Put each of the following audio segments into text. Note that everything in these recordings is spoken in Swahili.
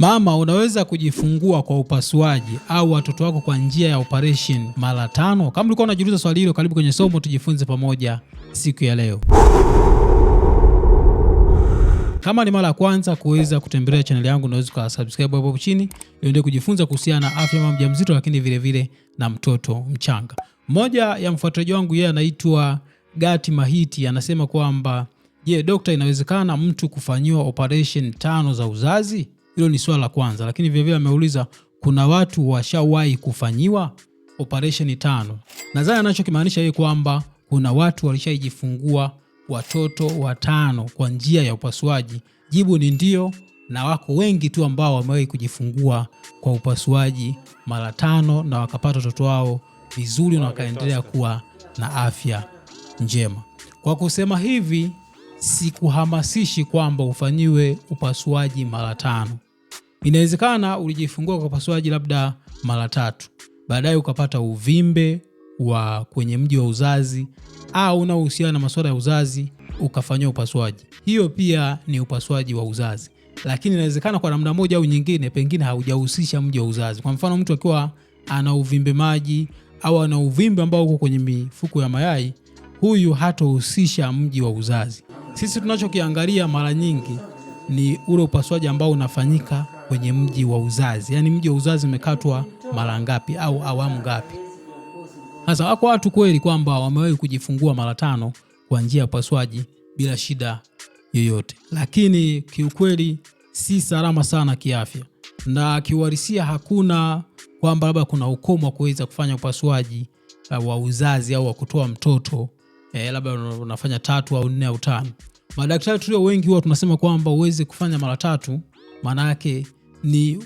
Mama, unaweza kujifungua kwa upasuaji au watoto wako kwa njia ya operation mara tano? Kama ulikuwa unajiuliza swali hilo, karibu kwenye somo tujifunze pamoja siku ya leo. Kama ni mara ya kwanza kuweza kutembelea chaneli yangu, unaweza ka subscribe hapo chini, niende kujifunza kuhusiana na afya mama mjamzito, lakini vile vile na mtoto mchanga. Mmoja ya mfuatiliaji wangu yeye anaitwa Gati Mahiti anasema kwamba je, dokta, inawezekana mtu kufanyiwa operation tano za uzazi? Hilo ni swala la kwanza, lakini vilevile ameuliza kuna watu washawahi kufanyiwa operesheni tano. Nadhani anachokimaanisha yeye kwamba kuna watu walishajifungua watoto watano kwa njia ya upasuaji. Jibu ni ndio, na wako wengi tu ambao wamewahi kujifungua kwa upasuaji mara tano na wakapata watoto wao vizuri na wakaendelea kuwa na afya njema. Kwa kusema hivi, sikuhamasishi kwamba ufanyiwe upasuaji mara tano. Inawezekana ulijifungua kwa upasuaji labda mara tatu, baadaye ukapata uvimbe wa kwenye mji wa uzazi au unaohusiana na masuala ya uzazi ukafanyiwa upasuaji. Hiyo pia ni upasuaji wa uzazi, lakini inawezekana kwa namna moja au nyingine, pengine haujahusisha mji wa uzazi. Kwa mfano, mtu akiwa ana uvimbe maji au ana uvimbe ambao uko kwenye mifuko ya mayai, huyu hatohusisha mji wa uzazi. Sisi tunachokiangalia mara nyingi ni ule upasuaji ambao unafanyika kwenye mji wa uzazi, yaani mji wa uzazi umekatwa mara ngapi au awamu ngapi. Sasa wako watu kweli kwamba wamewahi kujifungua mara tano kwa njia ya upasuaji bila shida yoyote, lakini kiukweli si salama sana kiafya na kiuhalisia hakuna kwamba labda kuna ukomo wa kuweza kufanya upasuaji uh, wa uzazi au wa kutoa mtoto e, labda unafanya tatu au nne au tano. Madaktari tulio wengi huwa tunasema kwamba uweze kufanya mara tatu, maana yake ni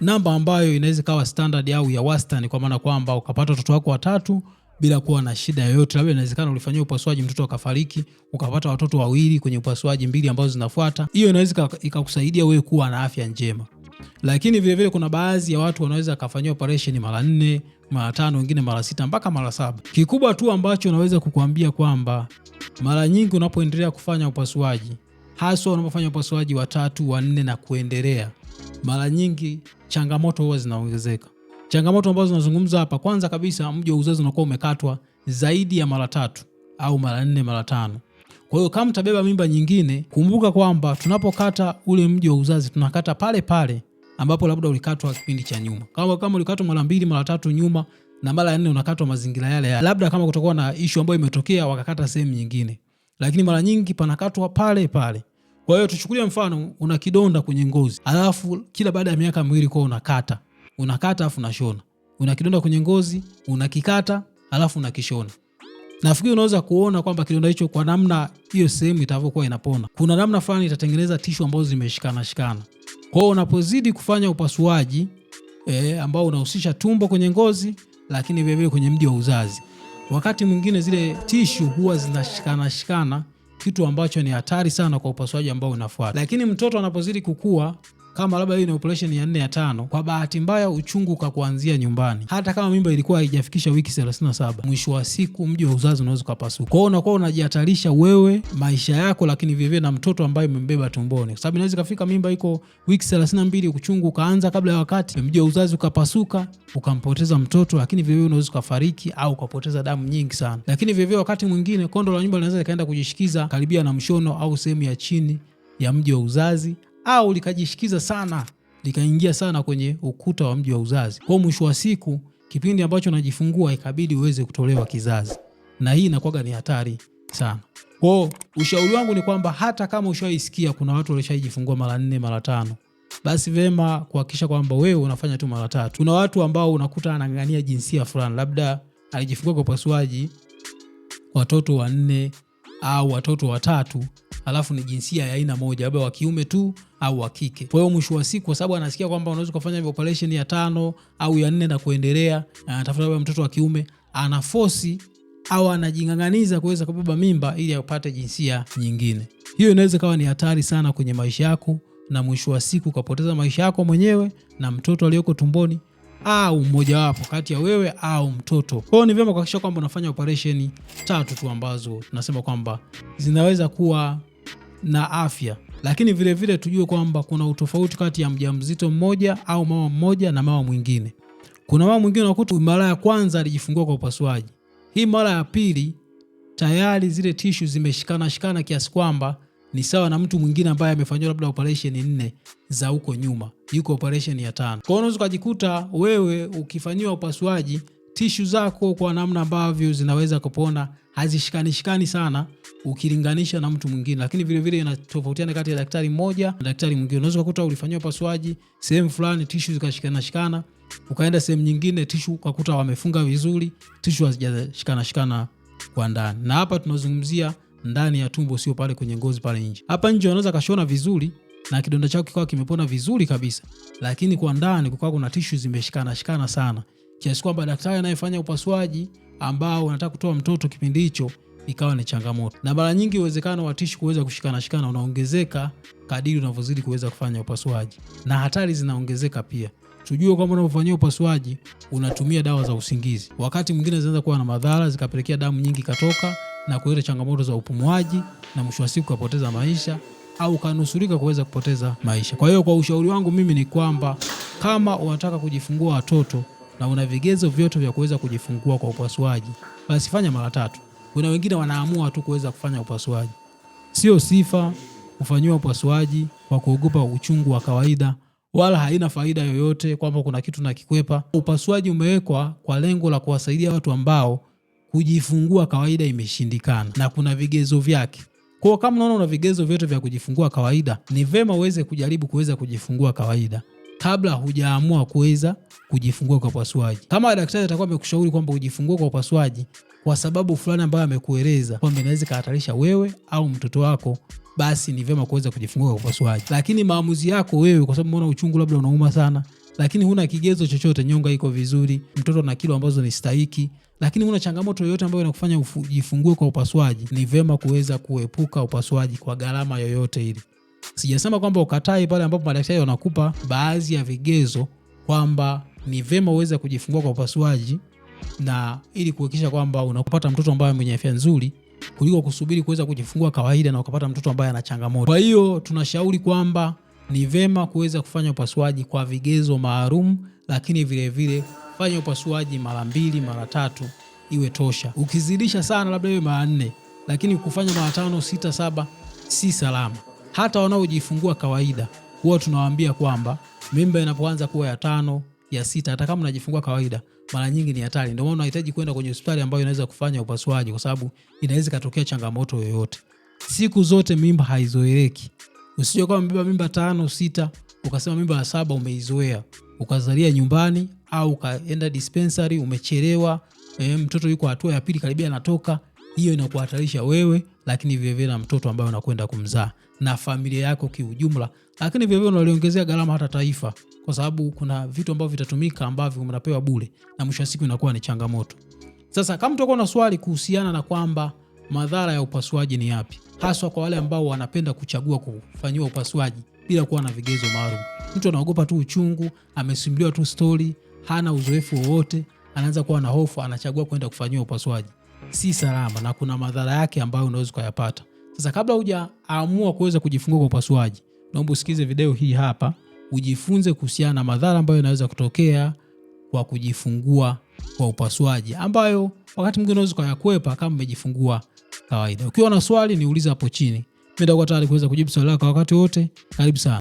namba ambayo inaweza ikawa standard au ya wastani, kwa maana kwamba ukapata watoto wako watatu bila kuwa na shida yoyote. Labda inawezekana ulifanyia upasuaji mtoto akafariki, ukapata watoto wawili kwenye upasuaji mbili ambazo zinafuata. Hiyo inaweza ikakusaidia wewe kuwa na afya njema, lakini vilevile kuna baadhi ya watu wanaweza akafanyia operation mara nne, mara tano, wengine mara sita mpaka mara saba. Kikubwa tu ambacho naweza kukuambia kwamba mara nyingi unapoendelea kufanya upasuaji, haswa unapofanya upasuaji wa tatu, wa nne na kuendelea mara nyingi changamoto huwa zinaongezeka. Changamoto ambazo zinazungumza hapa, kwanza kabisa, mji wa uzazi unakuwa umekatwa zaidi ya mara tatu au mara nne, mara tano. Kwa hiyo kama mtabeba mimba nyingine, kumbuka kwamba tunapokata ule mji wa uzazi tunakata pale pale ambapo labda ulikatwa kipindi cha nyuma. Kama kama ulikatwa mara mbili mara tatu nyuma na mara nne unakatwa mazingira yale yale, labda kama kutakuwa na ishu ambayo imetokea wakakata sehemu nyingine, lakini mara nyingi panakatwa pale pale. Kwa hiyo tuchukulie mfano una kidonda kwenye ngozi, alafu kila baada ya miaka miwili kwa unakata unakata alafu unashona. Una kidonda kwenye ngozi unakikata alafu unakishona. Nafikiri unaweza kuona kwamba kidonda hicho kwa namna hiyo sehemu itavyokuwa inapona, kuna namna fulani itatengeneza tishu ambazo zimeshikana shikana. Kwa hiyo unapozidi kufanya upasuaji e, ambao unahusisha tumbo kwenye ngozi, lakini vilevile kwenye mji wa uzazi, wakati mwingine zile tishu huwa zinashikana shikana kitu ambacho ni hatari sana kwa upasuaji ambao unafuata. Lakini mtoto anapozidi kukua kama labda hii ni operation ya 4 ya tano, kwa bahati mbaya uchungu ukakuanzia nyumbani, hata kama mimba ilikuwa haijafikisha wiki 37, mwisho wa siku mji wa uzazi unaweza ukapasuka. Kwao unakuwa unajihatarisha wewe, maisha yako, lakini vilevile na mtoto ambaye umembeba tumboni, kwa sababu inaweza ikafika mimba iko wiki 32, uchungu ukaanza kabla ya wakati, mji wa uzazi ukapasuka, ukampoteza mtoto, lakini vilevile unaweza ukafariki au ukapoteza damu nyingi sana. Lakini vilevile wakati mwingine kondo la nyumba linaweza likaenda kujishikiza karibia na mshono au sehemu ya chini ya mji wa uzazi au likajishikiza sana likaingia sana kwenye ukuta wa mji wa uzazi. Kwa mwisho wa siku, kipindi ambacho unajifungua ikabidi uweze kutolewa kizazi, na hii inakuwaga ni hatari sana. Kwa ushauri wangu ni kwamba hata kama ushaisikia kuna watu walishajifungua mara nne mara tano, basi vema kuhakikisha kwamba wewe unafanya tu mara tatu. Kuna watu ambao unakuta anang'ang'ania jinsia fulani, labda alijifungua kwa upasuaji watoto wanne au watoto watatu alafu ni jinsia ya aina moja, labda wa kiume tu au wa kike. Kwa hiyo mwisho wa siku, kwa sababu anasikia kwamba unaweza ukafanya operation ya tano au ya nne na kuendelea, anatafuta labda mtoto wa kiume, anafosi au anajing'ang'aniza kuweza kubeba mimba ili apate jinsia nyingine. Hiyo inaweza kawa ni hatari sana kwenye maisha yako, na mwisho wa siku ukapoteza maisha yako mwenyewe na mtoto aliyoko tumboni au mmojawapo kati ya wewe au mtoto. Kwa hiyo ni vyema kuhakikisha kwamba unafanya operesheni tatu tu ambazo tunasema kwamba zinaweza kuwa na afya, lakini vile vile tujue kwamba kuna utofauti kati ya mjamzito mmoja au mama mmoja na mama mwingine. Kuna mama mwingine unakuta mara ya kwanza alijifungua kwa upasuaji, hii mara ya pili tayari zile tishu zimeshikana shikana kiasi kwamba ni sawa na mtu mwingine ambaye amefanyiwa labda operation nne za huko nyuma, yuko operation ya tano. Kwa hiyo unaweza ukajikuta wewe ukifanyiwa upasuaji tishu zako kwa namna ambavyo zinaweza kupona hazishikanishikani sana ukilinganisha na mtu mwingine, lakini vilevile inatofautiana kati ya daktari mmoja na daktari mwingine. Unaweza kukuta ulifanyiwa upasuaji sehemu fulani, tishu shikana, ukaenda sehemu nyingine, tishu ukakuta wamefunga vizuri, tishu hazijashikana shikana kwa ndani, na hapa tunazungumzia ndani ya tumbo, sio pale kwenye ngozi pale nje. Hapa nje wanaweza kashona vizuri na kidonda chako kikawa kimepona vizuri kabisa, lakini kwa ndani kukawa kuna tissue zimeshikana shikana sana, kiasi kwamba daktari anayefanya upasuaji ambao unataka kutoa mtoto kipindi hicho ikawa ni changamoto, na mara nyingi uwezekano wa tishu kuweza kushikana shikana unaongezeka kadiri unavyozidi kuweza kufanya upasuaji, na hatari zinaongezeka pia. Tujue kwamba unapofanyia upasuaji unatumia dawa za usingizi, wakati mwingine zinaweza kuwa na madhara zikapelekea damu nyingi katoka na kuleta changamoto za upumuaji na mwisho wa siku kapoteza maisha au kanusurika kuweza kupoteza maisha. Kwa hiyo kwa ushauri wangu mimi ni kwamba kama unataka kujifungua watoto na una vigezo vyote vya kuweza kujifungua kwa upasuaji, basi fanya mara tatu. Kuna wengine wanaamua tu kuweza kufanya upasuaji. Sio sifa kufanyiwa upasuaji kwa kuogopa uchungu wa kawaida, wala haina faida yoyote kwamba kuna kitu nakikwepa. Upasuaji umewekwa kwa lengo la kuwasaidia watu ambao kujifungua kawaida imeshindikana na kuna vigezo vyake. Kwa kama unaona una vigezo vyote vya kujifungua kawaida, ni vema uweze kujaribu kuweza kujifungua kawaida kabla hujaamua kuweza kujifungua kwa upasuaji. Kama daktari atakuwa amekushauri kwamba ujifungua kwa upasuaji kwa sababu fulani ambayo amekueleza kwamba inaweza ikahatarisha wewe au mtoto wako, basi ni vema kuweza kujifungua kwa upasuaji, lakini maamuzi yako wewe, kwa sababu umeona uchungu, labda unauma sana, lakini huna kigezo chochote, nyonga iko vizuri, mtoto na kilo ambazo ni stahiki, lakini huna changamoto yoyote ambayo inakufanya jifungue kwa upasuaji, ni vema kuweza kuepuka upasuaji kwa gharama yoyote ile. Sijasema kwamba ukatae pale ambapo madaktari wanakupa baadhi ya vigezo kwamba ni vema uweze kujifungua kwa upasuaji, na ili kuhakikisha kwamba unapata mtoto ambaye mwenye afya nzuri kuliko kusubiri kuweza kujifungua kawaida na ukapata mtoto ambaye ana changamoto. Kwa hiyo tunashauri kwamba ni vema kuweza kufanya upasuaji kwa vigezo maalum, lakini vilevile fanya upasuaji mara mbili mara tatu iwe tosha. Ukizidisha sana, labda iwe mara nne, lakini kufanya mara tano, sita, saba si salama. Hata wanaojifungua kawaida huwa tunawaambia kwamba mimba inapoanza kuwa ya tano ya sita, hata kama unajifungua kawaida, mara nyingi ni hatari. Ndio maana unahitaji kwenda kwenye hospitali ambayo inaweza kufanya upasuaji, kwa sababu inaweza ikatokea changamoto yoyote. Siku zote mimba haizoeleki. Usije kuwa umebeba mimba tano sita, ukasema mimba ya saba umeizoea, ukazalia nyumbani au ukaenda dispensary, umechelewa e, mtoto yuko hatua ya pili karibia anatoka. Hiyo inakuhatarisha wewe, lakini vilevile na mtoto ambaye unakwenda kumzaa na familia yako kiujumla, lakini vilevile unaliongezea gharama hata taifa, kwa sababu kuna vitu ambavyo vitatumika ambavyo mnapewa bure, na mwisho wa siku inakuwa ni changamoto. Sasa kama tutakuwa na swali kuhusiana na kwamba madhara ya upasuaji ni yapi, haswa kwa wale ambao wanapenda kuchagua kufanyiwa upasuaji bila kuwa na vigezo maalum. Mtu anaogopa tu uchungu, amesimuliwa tu stori, hana uzoefu wowote, anaanza kuwa na hofu, anachagua kwenda kufanyiwa upasuaji. Si salama na kuna madhara yake ambayo unaweza ukayapata. Sasa kabla hujaamua kuweza kujifungua kwa upasuaji, naomba usikize video hii hapa ujifunze kuhusiana na madhara ambayo yanaweza kutokea kwa kujifungua kwa upasuaji, ambayo wakati mwingine unaweza ukayakwepa kama umejifungua kawaida. Ukiwa na swali niulize hapo chini. Mimi nitakuwa tayari kuweza kujibu swali lako wakati wote. Karibu sana.